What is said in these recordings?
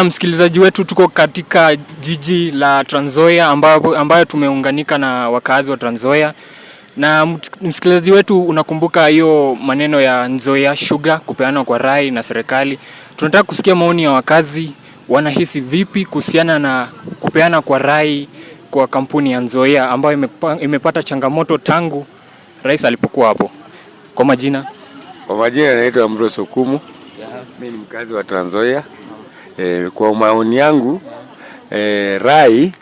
Na msikilizaji wetu, tuko katika jiji la Tranzoia ambayo, ambayo tumeunganika na wakazi wa Tranzoia Na msikilizaji wetu, unakumbuka hiyo maneno ya Nzoia Sugar kupeana kwa rai na serikali. Tunataka kusikia maoni ya wakazi, wanahisi vipi kuhusiana na kupeana kwa rai kwa kampuni ya Nzoia ambayo imepata changamoto tangu rais alipokuwa hapo. Kwa majina, kwa majina naitwa Ambrose Okumu. Mimi ni mkazi wa Tranzoia. E, kwa maoni yangu e, rai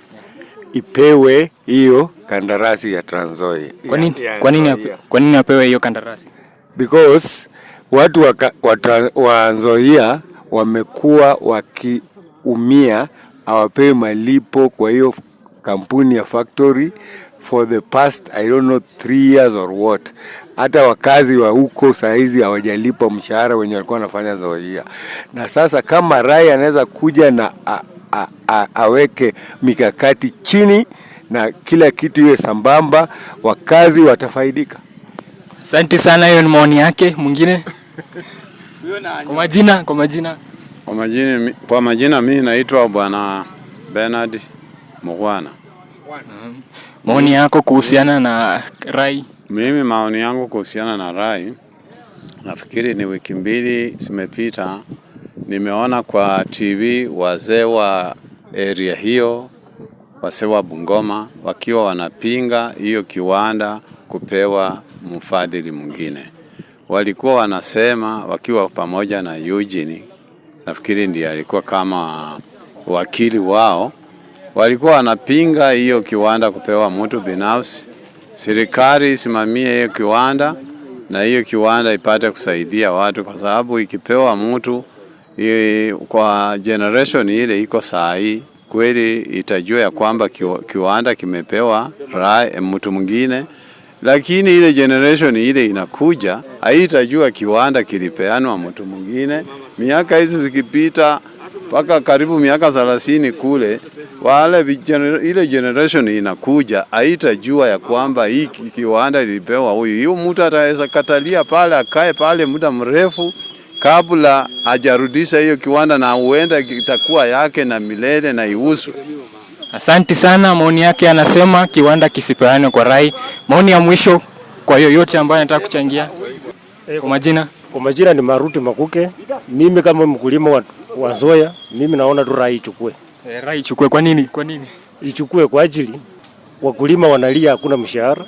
ipewe hiyo kandarasi ya Trans Nzoia. Kwa nini kwa nini kwa nini wapewe hiyo kandarasi? Because watu wa, wa, wa Nzoia wamekuwa wakiumia, hawapewi malipo kwa hiyo kampuni ya factory for the past I don't know three years or what. Hata wakazi wa huko sahizi hawajalipa mshahara wenye walikuwa wanafanya zoia, na sasa kama Rai anaweza kuja na a, a, a, aweke mikakati chini na kila kitu iwe sambamba, wakazi watafaidika. Asante sana, hiyo ni maoni yake. Mwingine kwa majina, kwa majina, kwa majina, kwa majina, mimi naitwa Bwana Bernard Mugwana. Maoni yako kuhusiana na Rai? Mimi maoni yangu kuhusiana na Rai, nafikiri ni wiki mbili zimepita, nimeona kwa TV wazee wa area hiyo, wazee wa Bungoma wakiwa wanapinga hiyo kiwanda kupewa mfadhili mwingine. Walikuwa wanasema wakiwa pamoja na Eugene, nafikiri ndiye alikuwa kama wakili wao walikuwa wanapinga hiyo kiwanda kupewa mtu binafsi. Serikali isimamie hiyo kiwanda na hiyo kiwanda ipate kusaidia watu, kwa sababu ikipewa mtu kwa generation ile iko saa hii kweli itajua ya kwamba kiwanda kimepewa eh, mtu mwingine, lakini ile generation ile inakuja haitajua kiwanda kilipeanwa mtu mwingine. Miaka hizi zikipita mpaka karibu miaka 30 kule wale vijana, ile generation inakuja haitajua ya kwamba hii kiwanda ilipewa huyu. Hiyo mtu ataweza katalia pale akae pale muda mrefu kabla ajarudisha hiyo kiwanda, na huenda kitakuwa yake na milele na iuswe. Asanti sana. Maoni yake anasema kiwanda kisipeane kwa rai. Maoni ya mwisho kwa yoyote ambayo anataka kuchangia eh, kwa majina. Kwa majina ni Maruti Makuke. Mimi kama mkulima wa, wa zoya, mimi naona tu rai ichukue E, ichukue kwa nini? Kwa nini? Ichukue kwa ajili wakulima wanalia, hakuna mshahara.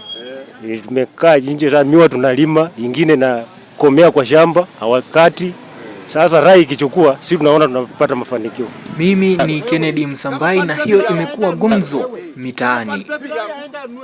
Eh, tumekaa nje sana, miwa tunalima, ingine na komea kwa shamba hawakati. Sasa rai ikichukua, si tunaona tunapata mafanikio. Mimi ni Kennedy Msambai na hiyo imekuwa gumzo mitaani.